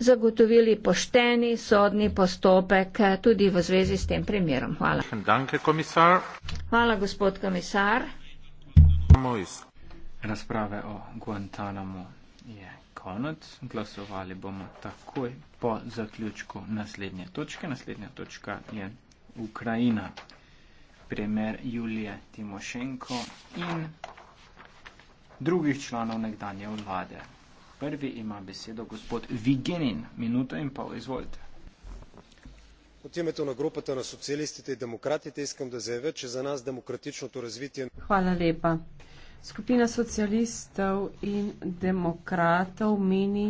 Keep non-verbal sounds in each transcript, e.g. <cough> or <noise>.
zagotovili pošteni sodni postopek eh, tudi v zvezi s tem primerom. Hvala. Danke, komisar. Hvala, gospod komisar. Mojs. Razprave o Guantanamo je konec. Glasovali bomo takoj po zaključku naslednje točke. Naslednja točka je Ukrajina. Primer Julije Timošenko in drugih članov nekdanje vlade. Prvi ima besedo gospod Vigenin, minuto in pol, izvolite. Od imeta na grupata na socialistite in demokratite iskam, da zdaj več za nas demokratično to razvitje. Hvala lepa. Skupina socialistov in demokratov meni,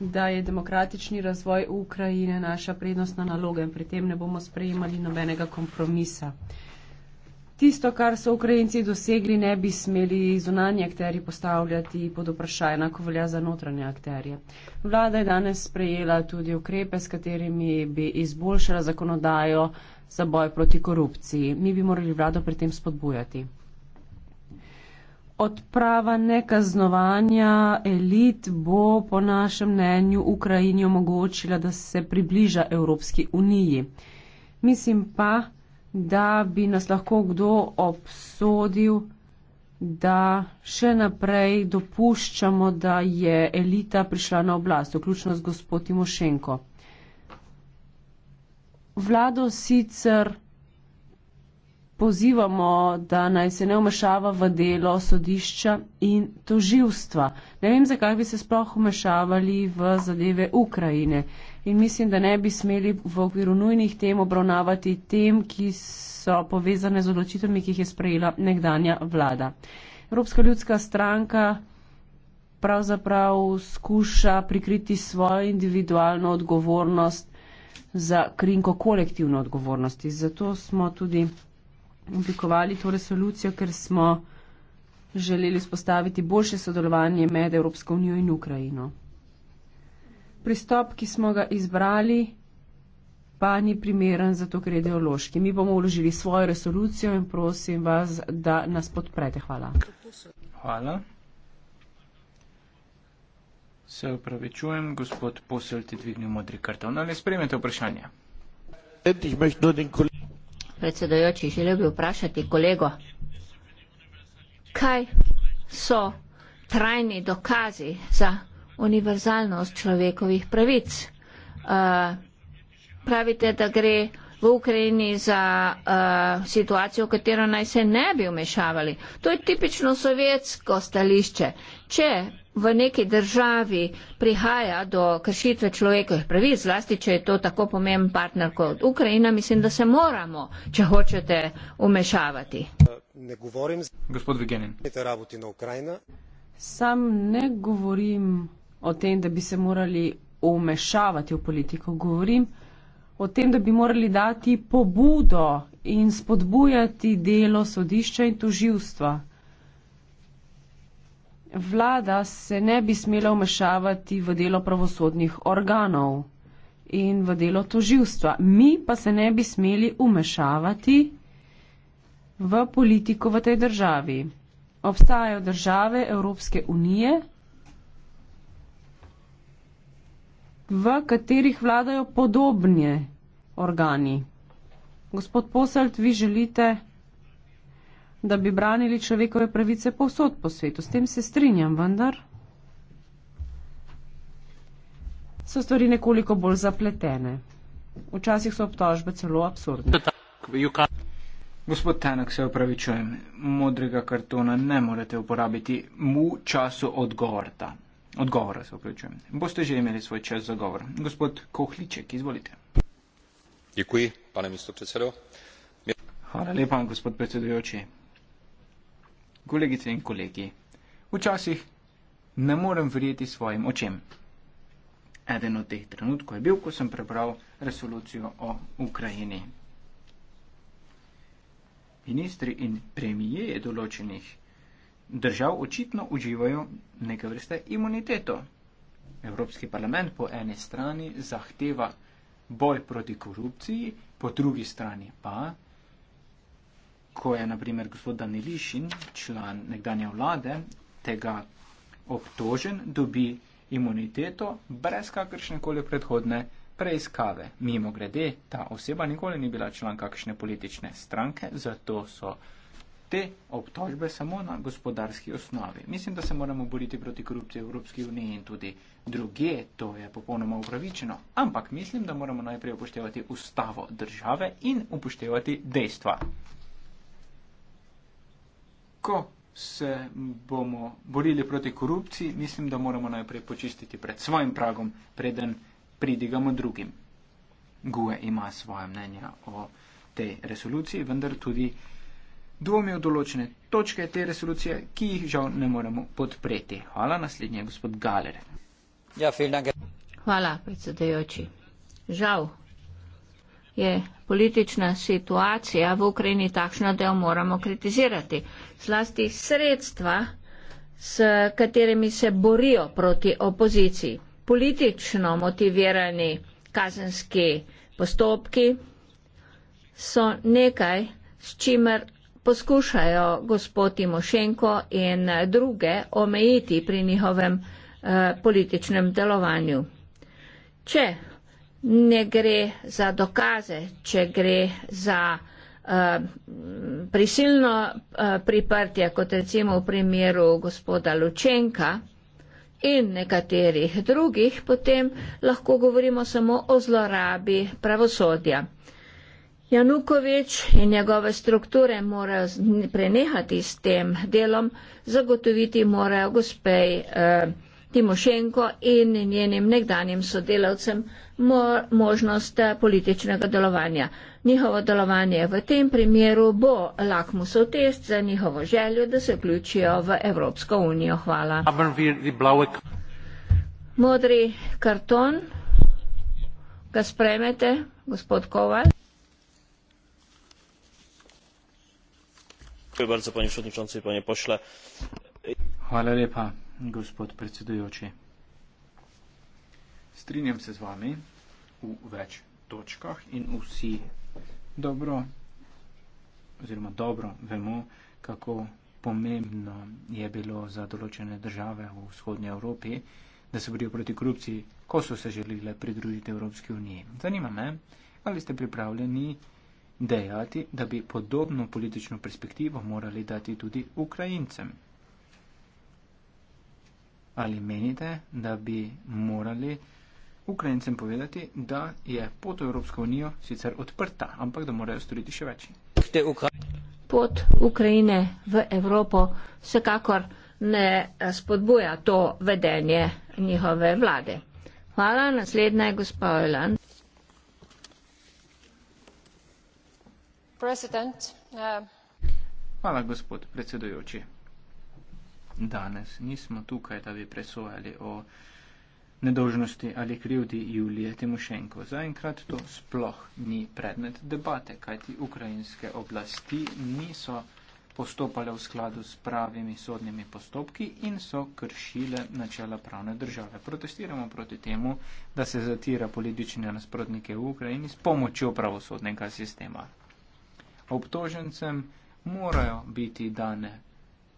da je demokratični razvoj Ukrajine naša prednostna naloga in pri tem ne bomo sprejemali nobenega kompromisa tisto, kar so Ukrajinci dosegli, ne bi smeli zunanje akteri postavljati pod vprašaj, enako velja za notranje akterje. Vlada je danes sprejela tudi ukrepe, s katerimi bi izboljšala zakonodajo za boj proti korupciji. Mi bi morali vlado pri tem spodbujati. Odprava nekaznovanja elit bo po našem mnenju Ukrajini omogočila, da se približa Evropski uniji. Mislim pa, da bi nas lahko kdo obsodil, da še naprej dopuščamo, da je elita prišla na oblast, vključno z gospod Timošenko. Vlado sicer pozivamo, da naj se ne umešava v delo sodišča in toživstva. Ne vem, zakaj bi se sploh umešavali v zadeve Ukrajine. In mislim, da ne bi smeli v okviru nujnih tem obravnavati tem, ki so povezane z odločitvami, ki jih je sprejela nekdanja vlada. Evropska ljudska stranka pravzaprav skuša prikriti svojo individualno odgovornost za krinko kolektivno odgovornosti. Zato smo tudi oblikovali to resolucijo, ker smo želeli spostaviti boljše sodelovanje med Evropsko unijo in Ukrajino. Pristop, ki smo ga izbrali, pa ni primeren za to, ker je ideološki. Mi bomo vložili svojo resolucijo in prosim vas, da nas podprete. Hvala. Hvala. Se upravičujem, gospod posel, ti dvignil modri karton ali spremete vprašanje? Et, predsedojoči, želel bi vprašati kolego. Kaj so trajni dokazi za univerzalnost človekovih pravic? Uh, pravite, da gre v Ukrajini za uh, situacijo, v katero naj se ne bi vmešavali. To je tipično sovjetsko stališče če v neki državi prihaja do kršitve človekovih pravic, zlasti če je to tako pomemben partner kot Ukrajina, mislim, da se moramo, če hočete, umešavati. Ne govorim z gospod Vigenin. Sam ne govorim o tem, da bi se morali umešavati v politiko. Govorim o tem, da bi morali dati pobudo in spodbujati delo sodišča in tužilstva vlada se ne bi smela vmešavati v delo pravosodnih organov in v delo toživstva. Mi pa se ne bi smeli vmešavati v politiko v tej državi. Obstajajo države Evropske unije, v katerih vladajo podobne organi. Gospod Poselt, vi želite da bi branili človekove pravice povsod po svetu. S tem se strinjam, vendar so stvari nekoliko bolj zapletene. Včasih so obtožbe celo absurdne. Gospod Tenek, se upravičujem, modrega kartona ne morete uporabiti mu času odgovora. Odgovora se upravičujem. Boste že imeli svoj čas za govor. Gospod Kohliček, izvolite. Děkuji, pane místo predsedo. Hvala lepa, gospod predsedujoči kolegice in kolegi. Včasih ne morem verjeti svojim očem. Eden od teh trenutkov je bil, ko sem prebral resolucijo o Ukrajini. Ministri in premijeje določenih držav očitno uživajo neke vrste imuniteto. Evropski parlament po eni strani zahteva boj proti korupciji, po drugi strani pa ko je naprimer gospod Danilišin, član nekdanje vlade, tega obtožen, dobi imuniteto brez kakršne koli predhodne preiskave. Mimo grede, ta oseba nikoli ni bila član kakšne politične stranke, zato so te obtožbe samo na gospodarski osnovi. Mislim, da se moramo boriti proti korupciji v Evropski uniji in tudi druge, to je popolnoma upravičeno. Ampak mislim, da moramo najprej upoštevati ustavo države in upoštevati dejstva ko se bomo borili proti korupciji, mislim, da moramo najprej počistiti pred svojim pragom, preden pridigamo drugim. Gue ima svoje mnenje o tej resoluciji, vendar tudi dvomi o določene točke te resolucije, ki jih žal ne moremo podpreti. Hvala, naslednji je gospod Galer. Ja, Hvala, predsedajoči. Žal, je politična situacija v Ukrajini takšna, da jo moramo kritizirati. Zlasti sredstva, s katerimi se borijo proti opoziciji. Politično motivirani kazenski postopki so nekaj, s čimer poskušajo gospod Timošenko in druge omejiti pri njihovem eh, političnem delovanju. Če ne gre za dokaze, če gre za uh, prisilno uh, priprtje, kot recimo v primeru gospoda Lučenka in nekaterih drugih, potem lahko govorimo samo o zlorabi pravosodja. Janukovič in njegove strukture morajo prenehati s tem delom, zagotoviti morajo gospej. Uh, Timošenko in njenim nekdanjim sodelavcem mo možnost eh, političnega delovanja. Njihovo delovanje v tem primeru bo lakmusov test za njihovo željo, da se vključijo v Evropsko unijo. Hvala. Modri karton, ga spremete, gospod Koval. Hvala lepa, panie przewodniczący, panie pośle. Hvala lepa gospod predsedujoči. Strinjam se z vami v več točkah in vsi dobro oziroma dobro vemo, kako pomembno je bilo za določene države v vzhodnji Evropi, da se borijo proti korupciji, ko so se želeli pridružiti Evropski uniji. Zanima me, ali ste pripravljeni dejati, da bi podobno politično perspektivo morali dati tudi Ukrajincem. Ali menite, da bi morali Ukrajincem povedati, da je pot v Evropsko unijo sicer odprta, ampak da morajo storiti še več? Pot Ukrajine v Evropo vsekakor ne eh, spodbuja to vedenje njihove vlade. Hvala, naslednja je gospa Ojlan. Uh. Eh, Hvala, gospod predsedujoči danes. Nismo tukaj, da bi presojali o nedožnosti ali krivdi Julije Timošenko. Zaenkrat to sploh ni predmet debate, kajti ukrajinske oblasti niso postopale v skladu s pravimi sodnimi postopki in so kršile načela pravne države. Protestiramo proti temu, da se zatira politične nasprotnike v Ukrajini s pomočjo pravosodnega sistema. Obtožencem morajo biti dane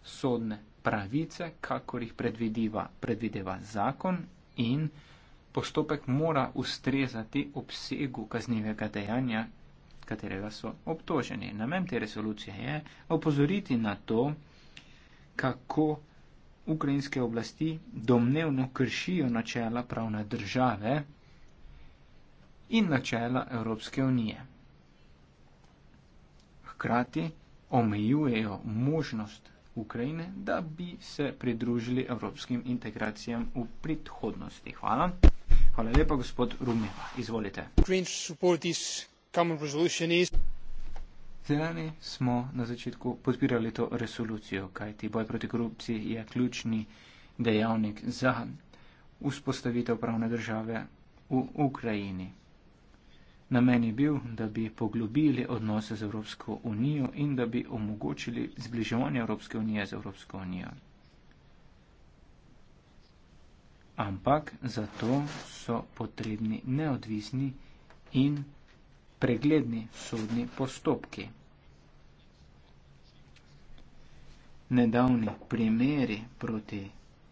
sodne pravice, kakor jih predvideva, predvideva zakon in postopek mora ustrezati obsegu kaznivega dejanja, katerega so obtoženi. Namen te resolucije je opozoriti na to, kako ukrajinske oblasti domnevno kršijo načela pravne države in načela Evropske unije. Hkrati omejujejo možnost Ukrajine, da bi se pridružili evropskim integracijam v prihodnosti. Hvala. Hvala lepa, gospod Rumeva. Izvolite. Zelani smo na začetku podpirali to resolucijo, kajti boj proti korupciji je ključni dejavnik za vzpostavitev pravne države v Ukrajini. Namen je bil, da bi poglobili odnose z Evropsko unijo in da bi omogočili zbliževanje Evropske unije z Evropsko unijo. Ampak za to so potrebni neodvisni in pregledni sodni postopki. Nedavni primeri proti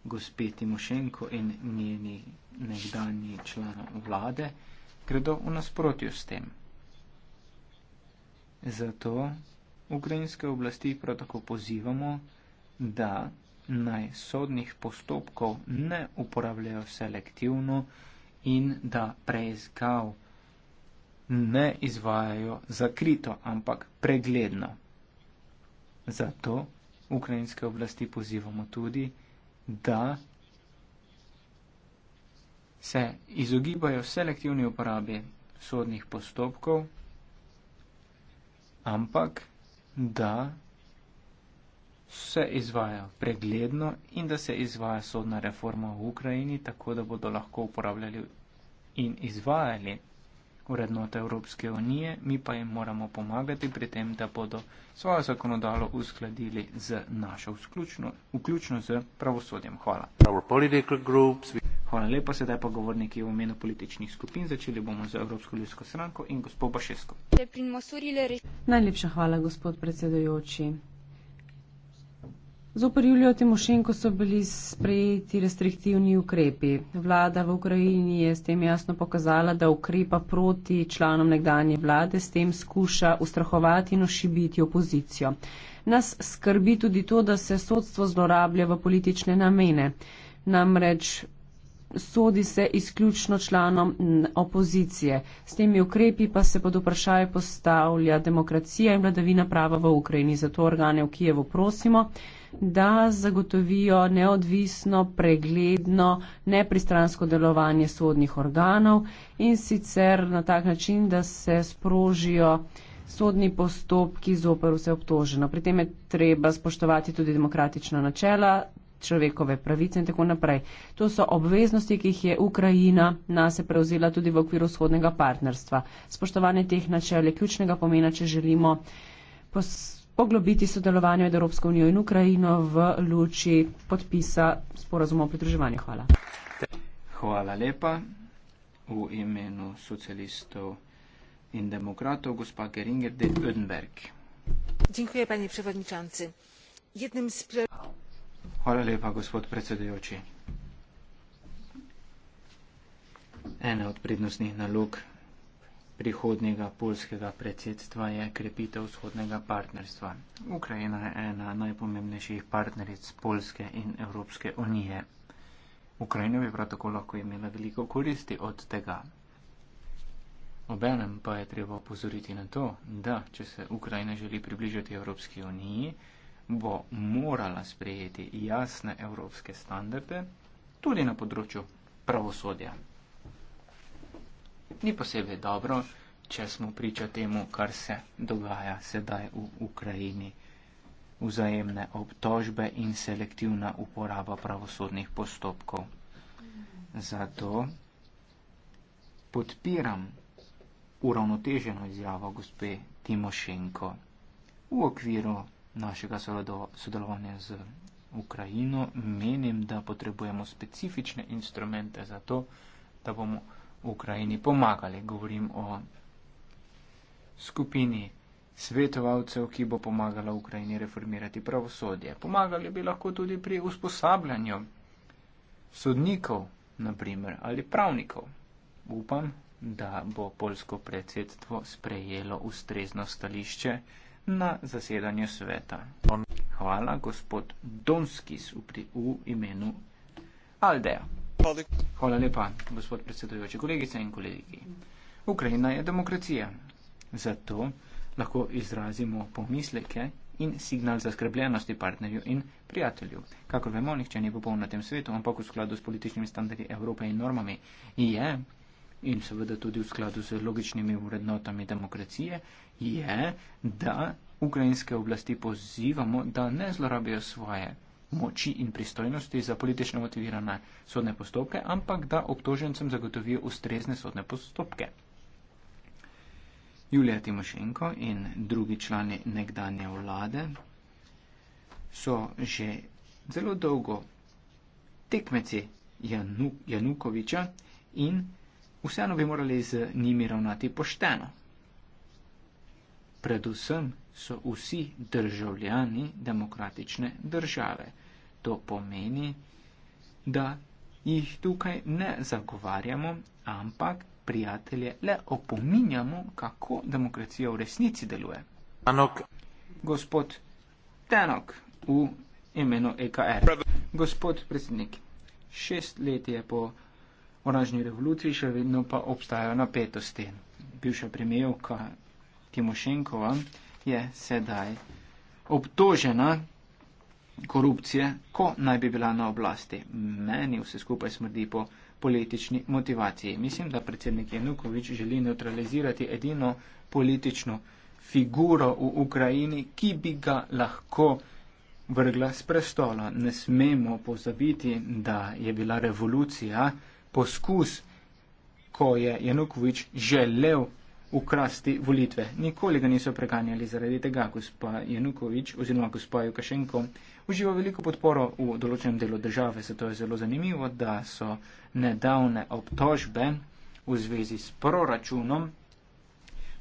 gospeti Mošenko in njeni nekdani člano vlade gredo v nasprotju s tem. Zato ukrajinske oblasti prav tako pozivamo, da naj sodnih postopkov ne uporabljajo selektivno in da preizkav ne izvajajo zakrito, ampak pregledno. Zato ukrajinske oblasti pozivamo tudi, da se izogibajo selektivni uporabi sodnih postopkov, ampak da se izvaja pregledno in da se izvaja sodna reforma v Ukrajini, tako da bodo lahko uporabljali in izvajali vrednote Evropske unije, mi pa jim moramo pomagati pri tem, da bodo svojo zakonodalo uskladili z našo, vključno, vključno z pravosodjem. Hvala. Hvala lepa, sedaj pa govorniki v imenu političnih skupin. Začeli bomo z Evropsko ljudsko stranko in gospod Bašesko. Najlepša hvala, gospod predsedojoči. Zopr Julijo Timošenko so bili sprejeti restriktivni ukrepi. Vlada v Ukrajini je s tem jasno pokazala, da ukrepa proti članom nekdanje vlade, s tem skuša ustrahovati in ošibiti opozicijo. Nas skrbi tudi to, da se sodstvo zlorablja v politične namene. Namreč sodi se izključno članom opozicije. S temi ukrepi pa se pod vprašanje postavlja demokracija in vladavina prava v Ukrajini. Zato organe v Kijevu prosimo, da zagotovijo neodvisno, pregledno, nepristransko delovanje sodnih organov in sicer na tak način, da se sprožijo sodni postopki zoper vse obtoženo. Pri tem je treba spoštovati tudi demokratična načela, človekove pravice in tako naprej. To so obveznosti, ki jih je Ukrajina nase prevzela tudi v okviru vzhodnega partnerstva. Spoštovanje teh načel je ključnega pomena, če želimo poglobiti sodelovanje med Evropsko unijo in Ukrajino v luči podpisa sporazuma o pridruževanju. Hvala. Hvala lepa. V imenu socialistov in demokratov, gospa Geringer de Ödenberg. Dziękuję, panie przewodniczący. Jednym z priorytetów. Hvala lepa, gospod predsedujoči. Ena od prednostnih nalog prihodnjega polskega predsedstva je krepitev vzhodnega partnerstva. Ukrajina je ena najpomembnejših partneric Polske in Evropske unije. Ukrajina bi prav tako lahko imela veliko koristi od tega. Obenem pa je treba opozoriti na to, da če se Ukrajina želi približati Evropski uniji, bo morala sprejeti jasne evropske standarde tudi na področju pravosodja. Ni posebej dobro, če smo priča temu, kar se dogaja sedaj v Ukrajini. Vzajemne obtožbe in selektivna uporaba pravosodnih postopkov. Zato podpiram uravnoteženo izjavo gospe Timošenko v okviru našega sodelovanja z Ukrajino, menim, da potrebujemo specifične instrumente za to, da bomo Ukrajini pomagali. Govorim o skupini svetovalcev, ki bo pomagala Ukrajini reformirati pravosodje. Pomagali bi lahko tudi pri usposabljanju sodnikov, naprimer, ali pravnikov. Upam, da bo polsko predsedstvo sprejelo ustrezno stališče na zasedanju sveta. Hvala, gospod Donskis, v imenu Aldeja. Hvala lepa, gospod predsedujoči, kolegice in kolegi. Ukrajina je demokracija. Zato lahko izrazimo pomisleke in signal zaskrbljenosti partnerju in prijatelju. Kakor vemo, nihče ni popoln na tem svetu, ampak v skladu s političnimi standardi Evrope in normami je in seveda tudi v skladu z logičnimi vrednotami demokracije, je, da ukrajinske oblasti pozivamo, da ne zlorabijo svoje moči in pristojnosti za politično motivirane sodne postopke, ampak da obtožencem zagotovijo ustrezne sodne postopke. Julija Timošenko in drugi člani nekdanje vlade so že zelo dolgo tekmeci Janu Janukoviča in vseeno bi morali z njimi ravnati pošteno. Predvsem so vsi državljani demokratične države. To pomeni, da jih tukaj ne zagovarjamo, ampak prijatelje le opominjamo, kako demokracija v resnici deluje. Anok. Gospod Tenok v imenu EKR. Gospod predsednik, šest let je po oranžni revoluciji še vedno pa obstajajo napetosti. Bivša premijevka Timošenkova je sedaj obtožena korupcije, ko naj bi bila na oblasti. Meni vse skupaj smrdi po politični motivaciji. Mislim, da predsednik Janukovič želi neutralizirati edino politično figuro v Ukrajini, ki bi ga lahko vrgla z prestola. Ne smemo pozabiti, da je bila revolucija poskus, ko je Janukovič želel ukrasti volitve. Nikoli ga niso preganjali zaradi tega, gospa Janukovič oziroma gospa Jukašenko uživa veliko podporo v določenem delu države, zato je zelo zanimivo, da so nedavne obtožbe v zvezi s proračunom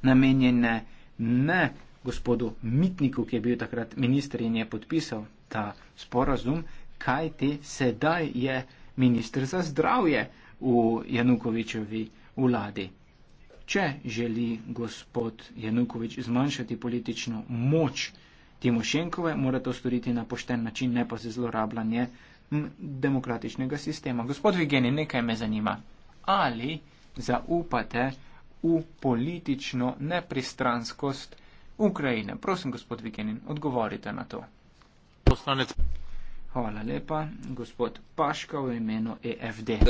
namenjene ne gospodu Mitniku, ki je bil takrat minister in je podpisal ta sporazum, kajti sedaj je minister za zdravje v Janukovičevi vladi. Če želi gospod Janukovič zmanjšati politično moč Timošenkove, mora to storiti na pošten način, ne pa se zlorabljanje demokratičnega sistema. Gospod Vigeni, nekaj me zanima. Ali zaupate v politično nepristranskost Ukrajine? Prosim, gospod Vigenin, odgovorite na to. Poslanec. Hvala lepa. Gospod Paška v imenu EFD.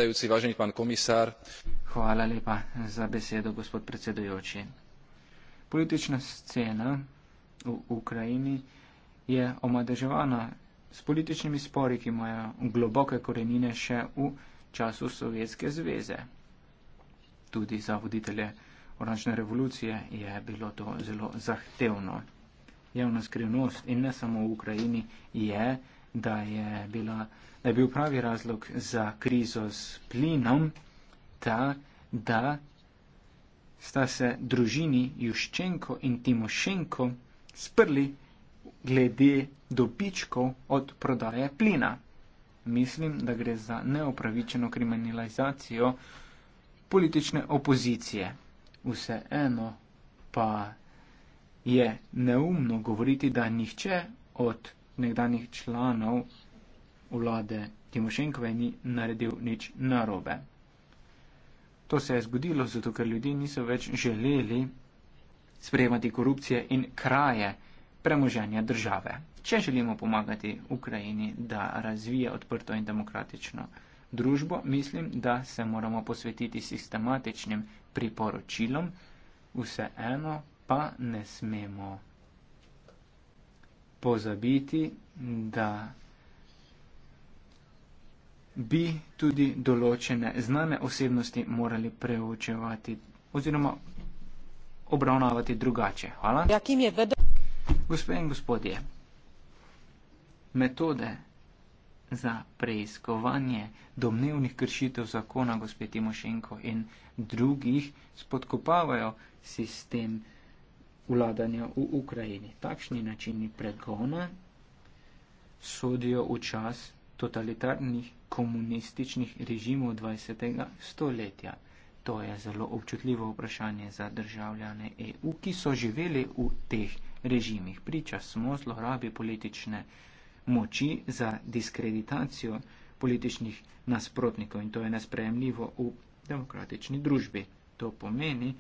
Hvala lepa za besedo, gospod predsedujoči. Politična scena v Ukrajini je omadeževana s političnimi spori, ki imajo globoke korenine še v času Sovjetske zveze. Tudi za voditelje oranžne revolucije je bilo to zelo zahtevno. Javna skrivnost in ne samo v Ukrajini je da je, bila, da je bil pravi razlog za krizo s plinom ta, da sta se družini Juščenko in Timošenko sprli glede dobičkov od prodaje plina. Mislim, da gre za neopravičeno kriminalizacijo politične opozicije. Vseeno pa je neumno govoriti, da nihče od nekdanjih članov vlade Timošenkove ni naredil nič narobe. To se je zgodilo zato, ker ljudje niso več želeli sprejemati korupcije in kraje premoženja države. Če želimo pomagati Ukrajini, da razvije odprto in demokratično družbo, mislim, da se moramo posvetiti sistematičnim priporočilom, vseeno pa ne smemo pozabiti, da bi tudi določene znane osebnosti morali preučevati oziroma obravnavati drugače. Hvala. Gospe in gospodje, metode za preiskovanje domnevnih kršitev zakona gospe Timošenko in drugih spodkopavajo sistem vladanja v Ukrajini. Takšni načini pregona sodijo v čas totalitarnih komunističnih režimov 20. stoletja. To je zelo občutljivo vprašanje za državljane EU, ki so živeli v teh režimih. Priča smo zlorabi politične moči za diskreditacijo političnih nasprotnikov in to je nesprejemljivo v demokratični družbi. To pomeni,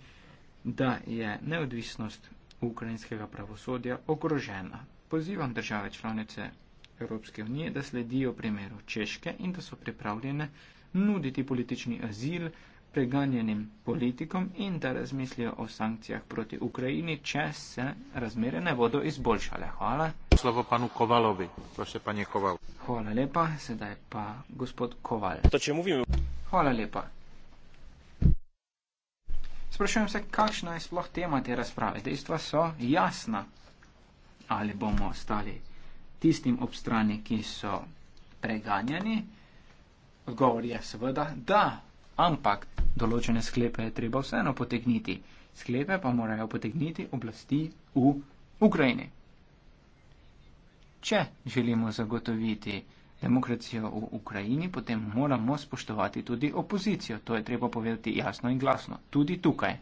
da je neodvisnost ukrajinskega pravosodja ogrožena. Pozivam države članice Evropske unije, da sledijo primeru Češke in da so pripravljene nuditi politični azil preganjenim politikom in da razmislijo o sankcijah proti Ukrajini, če se razmere ne bodo izboljšale. Hvala. Slovo panu Kovalovi. Prosim, panje Koval. Hvala lepa, sedaj pa gospod Koval. Hvala lepa. Sprašujem se, kakšna je sploh tema te razprave. Dejstva so jasna. Ali bomo ostali tistim ob strani, ki so preganjani? Odgovor je seveda da, ampak določene sklepe je treba vseeno potegniti. Sklepe pa morajo potegniti oblasti v Ukrajini. Če želimo zagotoviti demokracijo v Ukrajini, potem moramo spoštovati tudi opozicijo. To je treba povedati jasno in glasno. Tudi tukaj.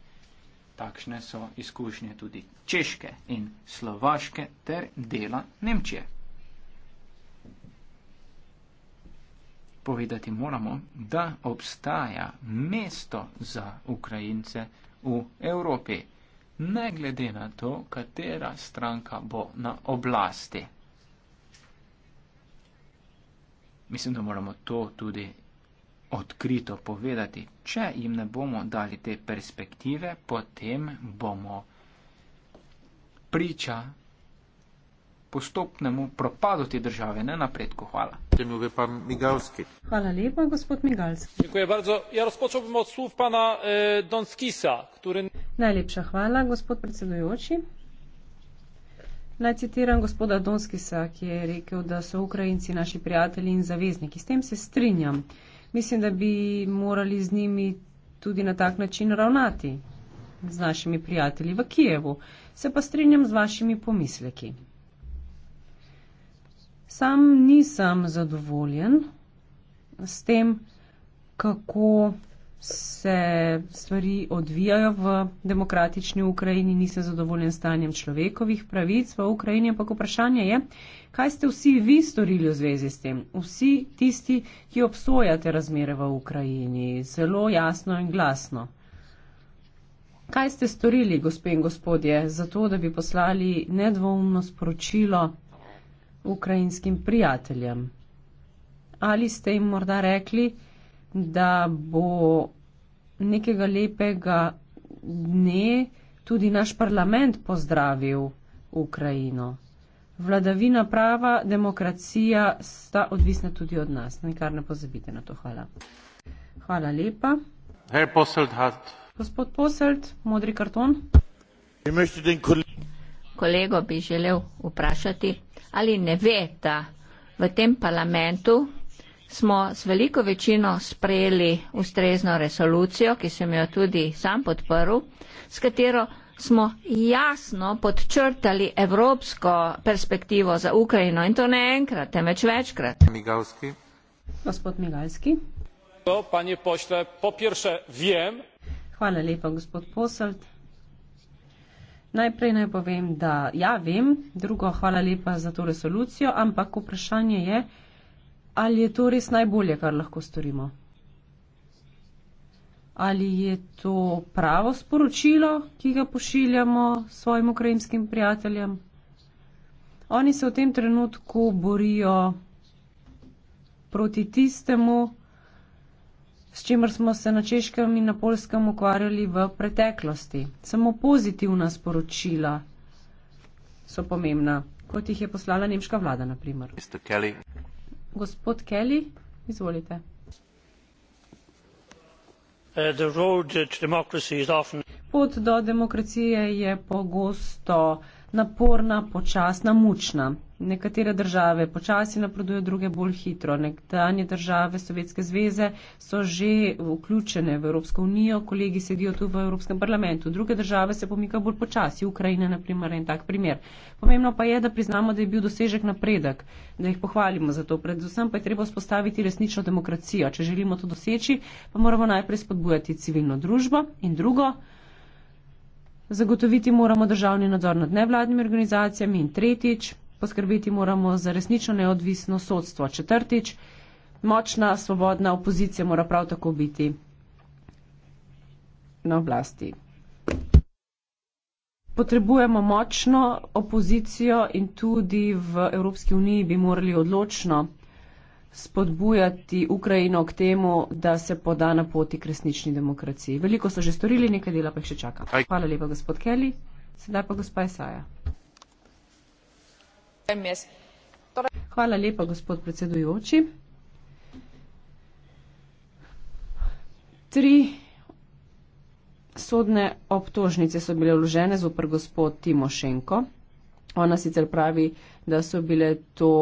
Takšne so izkušnje tudi češke in slovaške ter dela Nemčije. Povedati moramo, da obstaja mesto za Ukrajince v Evropi, ne glede na to, katera stranka bo na oblasti. Mislim, da moramo to tudi odkrito povedati. Če jim ne bomo dali te perspektive, potem bomo priča postopnemu propadu te države, ne napredku. Hvala. Hvala lepa, gospod Migalski. Ja e, Najlepša hvala, gospod predsedujoči. Naj citiram gospoda Donskisa, ki je rekel, da so Ukrajinci naši prijatelji in zavezniki. S tem se strinjam. Mislim, da bi morali z njimi tudi na tak način ravnati, z našimi prijatelji v Kijevu. Se pa strinjam z vašimi pomisleki. Sam nisem zadovoljen s tem, kako se stvari odvijajo v demokratični Ukrajini, nisem zadovoljen stanjem človekovih pravic v Ukrajini, ampak vprašanje je, kaj ste vsi vi storili v zvezi s tem? Vsi tisti, ki obsojate razmere v Ukrajini, zelo jasno in glasno. Kaj ste storili, gospe in gospodje, za to, da bi poslali nedvomno sporočilo ukrajinskim prijateljem? Ali ste jim morda rekli, da bo nekega lepega dne tudi naš parlament pozdravil Ukrajino. Vladavina prava, demokracija sta odvisna tudi od nas. Nikar ne pozabite na to. Hvala. Hvala lepa. Herr Posselt hat. Gospod Posselt, modri karton. Kolego bi želel vprašati, ali ne ve, da v tem parlamentu smo z veliko večino sprejeli ustrezno resolucijo, ki sem jo tudi sam podprl, s katero smo jasno podčrtali evropsko perspektivo za Ukrajino in to ne enkrat, temveč večkrat. Migalski. Gospod Migalski. To, panje pošle, po pierše, vem. Hvala lepa, gospod Posold. Najprej naj povem, da ja, vem, drugo, hvala lepa za to resolucijo, ampak vprašanje je, ali je to res najbolje, kar lahko storimo? Ali je to pravo sporočilo, ki ga pošiljamo svojim ukrajinskim prijateljem? Oni se v tem trenutku borijo proti tistemu, s čimer smo se na češkem in na polskem ukvarjali v preteklosti. Samo pozitivna sporočila so pomembna, kot jih je poslala nemška vlada, naprimer. Gospod Kelly, izvolite. Uh, Pot do demokracije je pogosto naporna, počasna, mučna. Nekatere države počasi napredujejo, druge bolj hitro. Nekdanje države Sovjetske zveze so že vključene v Evropsko unijo, kolegi sedijo tu v Evropskem parlamentu, druge države se pomikajo bolj počasi, Ukrajina naprimer in tak primer. Pomembno pa je, da priznamo, da je bil dosežek napredek, da jih pohvalimo za to. Predvsem pa je treba spostaviti resnično demokracijo. Če želimo to doseči, pa moramo najprej spodbujati civilno družbo in drugo zagotoviti moramo državni nadzor nad nevladnimi organizacijami in tretjič, poskrbeti moramo za resnično neodvisno sodstvo. Četrtič, močna, svobodna opozicija mora prav tako biti na oblasti. Potrebujemo močno opozicijo in tudi v Evropski uniji bi morali odločno spodbujati Ukrajino k temu, da se poda na poti k resnični demokraciji. Veliko so že storili, nekaj dela pa jih še čaka. Hvala lepa, gospod Kelly. Sedaj pa gospa Esaja. Hvala lepa, gospod predsedujoči. Tri sodne obtožnice so bile vložene zopr gospod Timošenko. Ona sicer pravi, da so bile to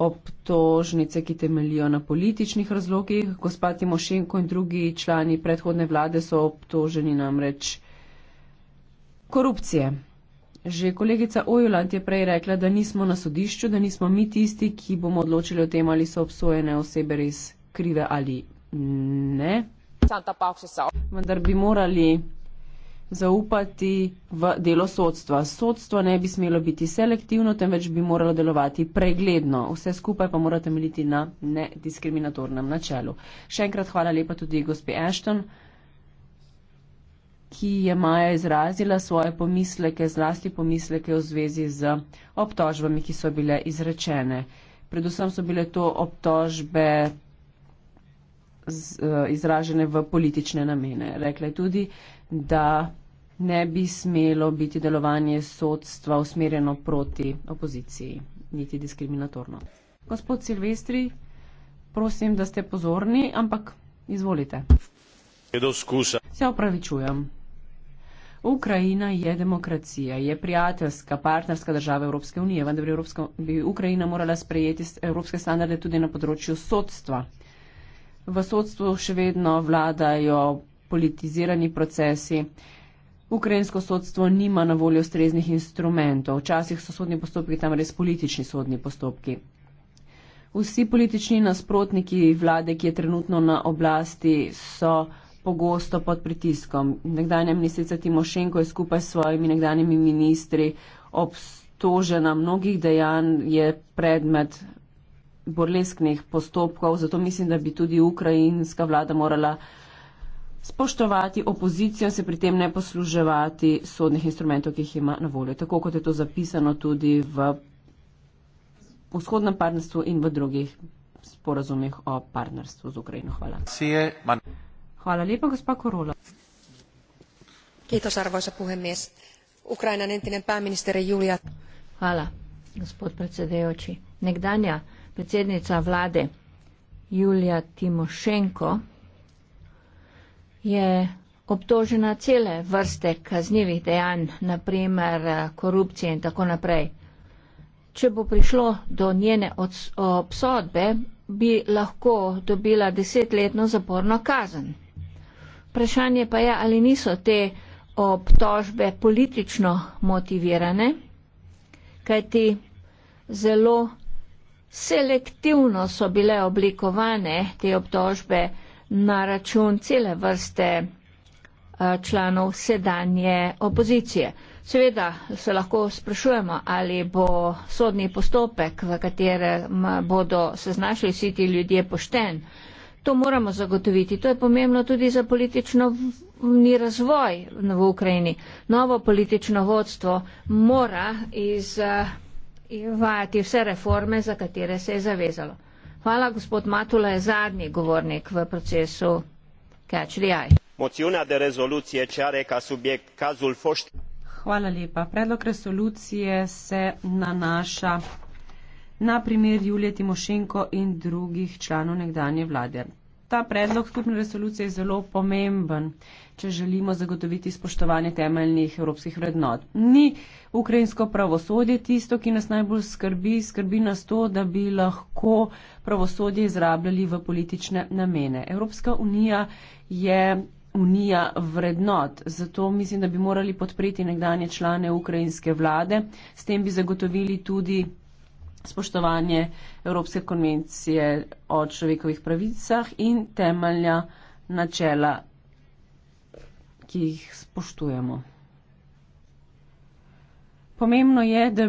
obtožnice, ki temelijo na političnih razlogih. Gospa Timošenko in drugi člani predhodne vlade so obtoženi namreč korupcije. Že kolegica Ojuland je prej rekla, da nismo na sodišču, da nismo mi tisti, ki bomo odločili o tem, ali so obsojene osebe res krive ali ne. Vendar bi morali zaupati v delo sodstva. Sodstvo ne bi smelo biti selektivno, temveč bi moralo delovati pregledno. Vse skupaj pa mora temeljiti na nediskriminatornem načelu. Še enkrat hvala lepa tudi gospe Ashton, ki je Maja izrazila svoje pomisleke, zlasti pomisleke v zvezi z obtožbami, ki so bile izrečene. Predvsem so bile to obtožbe z, eh, izražene v politične namene. Rekla je tudi, da ne bi smelo biti delovanje sodstva usmerjeno proti opoziciji, niti diskriminatorno. Gospod Silvestri, prosim, da ste pozorni, ampak izvolite. Se opravičujem. Ukrajina je demokracija, je prijateljska, partnerska država Evropske unije, vendar bi, Evropska, bi Ukrajina morala sprejeti evropske standarde tudi na področju sodstva. V sodstvu še vedno vladajo politizirani procesi. Ukrajinsko sodstvo nima na voljo ustreznih instrumentov. Včasih so sodni postopki tam res politični sodni postopki. Vsi politični nasprotniki vlade, ki je trenutno na oblasti, so pogosto pod pritiskom. Nekdanja ministrica Timošenko je skupaj s svojimi nekdanjimi ministri obtožena mnogih dejanj, je predmet borlesknih postopkov, zato mislim, da bi tudi ukrajinska vlada morala spoštovati opozicijo, se pri tem ne posluževati sodnih instrumentov, ki jih ima na voljo, tako kot je to zapisano tudi v vzhodnem partnerstvu in v drugih sporazumih o partnerstvu z Ukrajino. Hvala. Hvala lepa, gospa Korola. Hvala, gospod predsedejoči. Nekdanja predsednica vlade Julija Timošenko je obtožena cele vrste kaznjivih dejanj, naprimer eh, korupcije in tako naprej. Če bo prišlo do njene obsodbe, bi lahko dobila desetletno zaporno kazen. Vprašanje pa je, ali niso te obtožbe politično motivirane, kajti zelo selektivno so bile oblikovane te obtožbe, na račun cele vrste eh, članov sedanje opozicije. Seveda se lahko sprašujemo, ali bo sodni postopek, v katerem bodo se znašli vsi ti ljudje pošten. To moramo zagotoviti. To je pomembno tudi za politično ni razvoj v Ukrajini. Novo politično vodstvo mora eh, izvajati vse reforme, za katere se je zavezalo. Hvala, gospod Matula je zadnji govornik v procesu Catch the Eye. Mociona de rezolucije čare ka subjekt kazul fošt. Hvala lepa. Predlog resolucije se nanaša na primer Julije Timošenko in drugih članov nekdanje vlade ta predlog skupne resolucije je zelo pomemben, če želimo zagotoviti spoštovanje temeljnih evropskih vrednot. Ni ukrajinsko pravosodje tisto, ki nas najbolj skrbi, skrbi nas to, da bi lahko pravosodje izrabljali v politične namene. Evropska unija je. Unija vrednot. Zato mislim, da bi morali podpreti nekdanje člane ukrajinske vlade. S tem bi zagotovili tudi spoštovanje Evropske konvencije o človekovih pravicah in temelja načela, ki jih spoštujemo. Pomembno je, da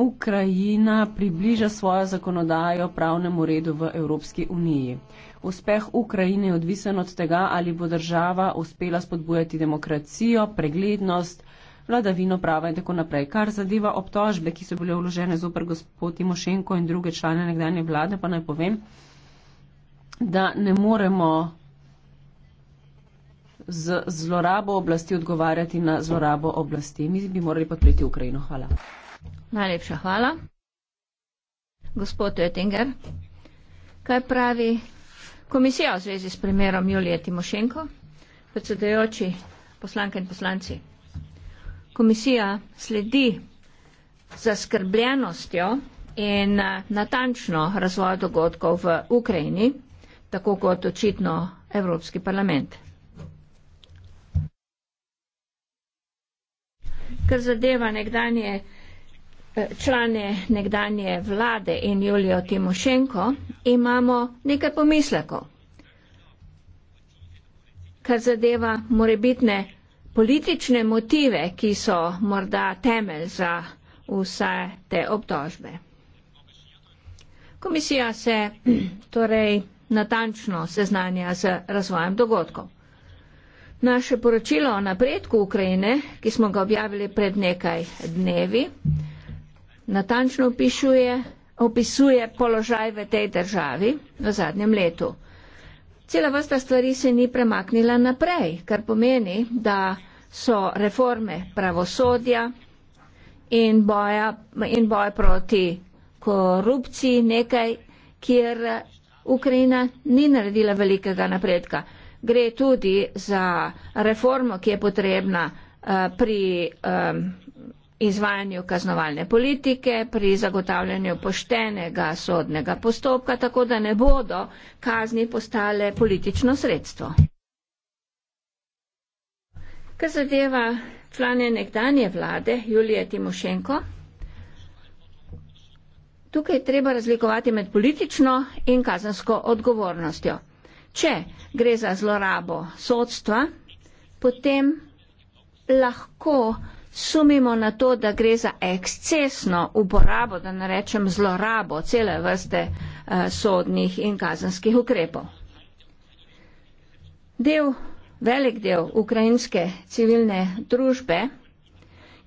Ukrajina približa svojo zakonodajo pravnemu redu v Evropski uniji. Uspeh Ukrajine je odvisen od tega, ali bo država uspela spodbujati demokracijo, preglednost, vladavino prava in tako naprej. Kar zadeva obtožbe, ki so bile vložene zoper gospod Timošenko in druge člane nekdanje vlade, pa naj povem, da ne moremo z zlorabo oblasti odgovarjati na zlorabo oblasti. Mi bi morali podpreti Ukrajino. Hvala. Najlepša hvala. Gospod Oettinger, kaj pravi komisija v zvezi s primerom Julije Timošenko, predsedujoči poslanke in poslanci? Komisija sledi zaskrbljenostjo in eh, natančno razvoja dogodkov v Ukrajini, tako kot očitno Evropski parlament. Kar zadeva nekdanje eh, člane nekdanje vlade in Julijo Timošenko, imamo nekaj pomislekov. Kar zadeva morebitne politične motive, ki so morda temelj za vse te obtožbe. Komisija se <clears throat> torej natančno seznanja z razvojem dogodkov. Naše poročilo o napredku Ukrajine, ki smo ga objavili pred nekaj dnevi, natančno opisuje, opisuje položaj v tej državi v zadnjem letu cela vrsta stvari se ni premaknila naprej, kar pomeni, da so reforme pravosodja in boja, in boja proti korupciji nekaj, kjer Ukrajina ni naredila velikega napredka. Gre tudi za reformo, ki je potrebna uh, pri um, izvajanju kaznovalne politike, pri zagotavljanju poštenega sodnega postopka, tako da ne bodo kazni postale politično sredstvo. Kar zadeva člane nekdanje vlade Julije Timošenko, tukaj je treba razlikovati med politično in kazansko odgovornostjo. Če gre za zlorabo sodstva, potem lahko sumimo na to, da gre za ekscesno uporabo, da ne rečem zlorabo cele vrste uh, sodnih in kazanskih ukrepov. Del, velik del ukrajinske civilne družbe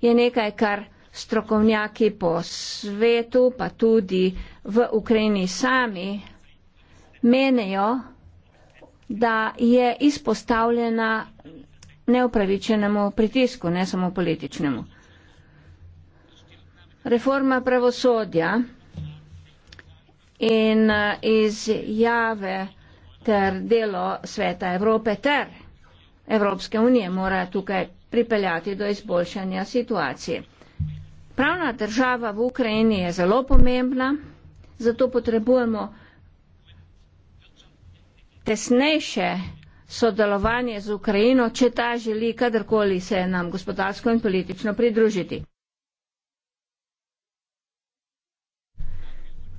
je nekaj, kar strokovnjaki po svetu, pa tudi v Ukrajini sami menijo, da je izpostavljena neupravičenemu pritisku, ne samo političnemu. Reforma pravosodja in eh, izjave ter delo Sveta Evrope ter Evropske unije mora tukaj pripeljati do izboljšanja situacije. Pravna država v Ukrajini je zelo pomembna, zato potrebujemo tesnejše sodelovanje z Ukrajino, če ta želi kadarkoli se nam gospodarsko in politično pridružiti.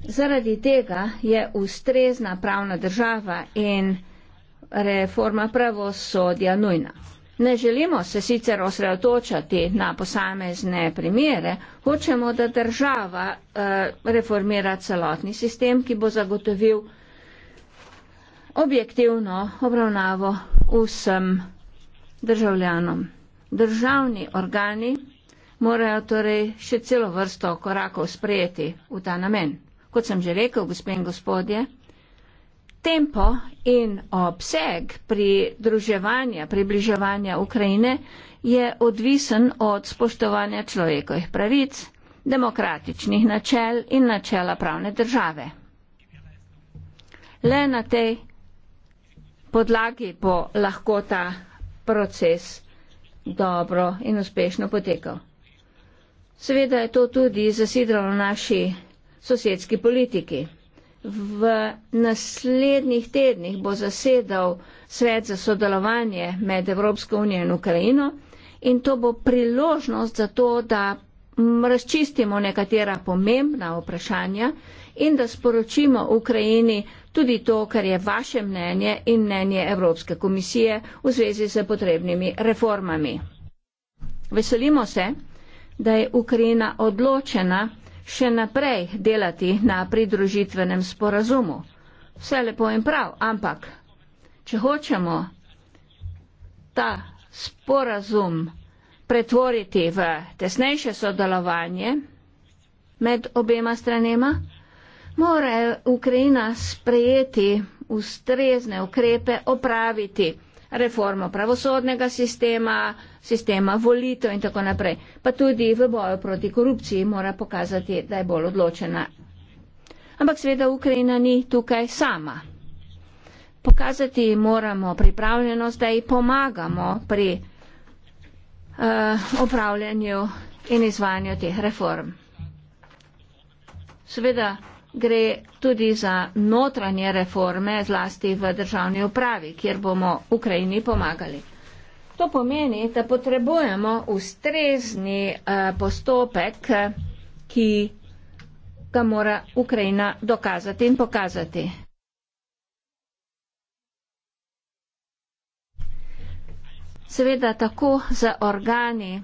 Zaradi tega je ustrezna pravna država in reforma pravosodja nujna. Ne želimo se sicer osredotočati na posamezne primere, hočemo, da država eh, reformira celotni sistem, ki bo zagotovil objektivno obravnavo vsem državljanom. Državni organi morajo torej še celo vrsto korakov sprejeti v ta namen. Kot sem že rekel, gospe in gospodje, tempo in obseg pridruževanja, približevanja Ukrajine je odvisen od spoštovanja človekovih pravic, demokratičnih načel in načela pravne države. Le na tej podlagi bo lahko ta proces dobro in uspešno potekal. Seveda je to tudi zasidralo naši sosedski politiki. V naslednjih tednih bo zasedal svet za sodelovanje med Evropsko unijo in Ukrajino in to bo priložnost za to, da razčistimo nekatera pomembna vprašanja in da sporočimo Ukrajini, tudi to, kar je vaše mnenje in mnenje Evropske komisije v zvezi s potrebnimi reformami. Veselimo se, da je Ukrajina odločena še naprej delati na pridružitvenem sporazumu. Vse lepo in prav, ampak če hočemo ta sporazum pretvoriti v tesnejše sodelovanje med obema stranema, mora Ukrajina sprejeti ustrezne ukrepe, opraviti reformo pravosodnega sistema, sistema volitev in tako naprej. Pa tudi v boju proti korupciji mora pokazati, da je bolj odločena. Ampak seveda Ukrajina ni tukaj sama. Pokazati moramo pripravljenost, da ji pomagamo pri uh, opravljanju in izvanju teh reform. Seveda gre tudi za notranje reforme, zlasti v državni upravi, kjer bomo Ukrajini pomagali. To pomeni, da potrebujemo ustrezni eh, postopek, ki ga mora Ukrajina dokazati in pokazati. Seveda tako za organi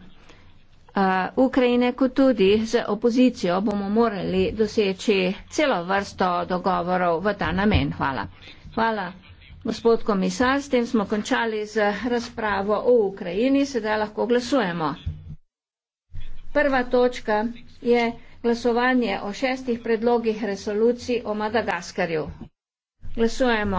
Uh, Ukrajine, kot tudi z opozicijo, bomo morali doseči celo vrsto dogovorov v ta namen. Hvala. Hvala, gospod komisar. S tem smo končali z razpravo o Ukrajini. Sedaj lahko glasujemo. Prva točka je glasovanje o šestih predlogih resolucij o Madagaskarju. Glasujemo.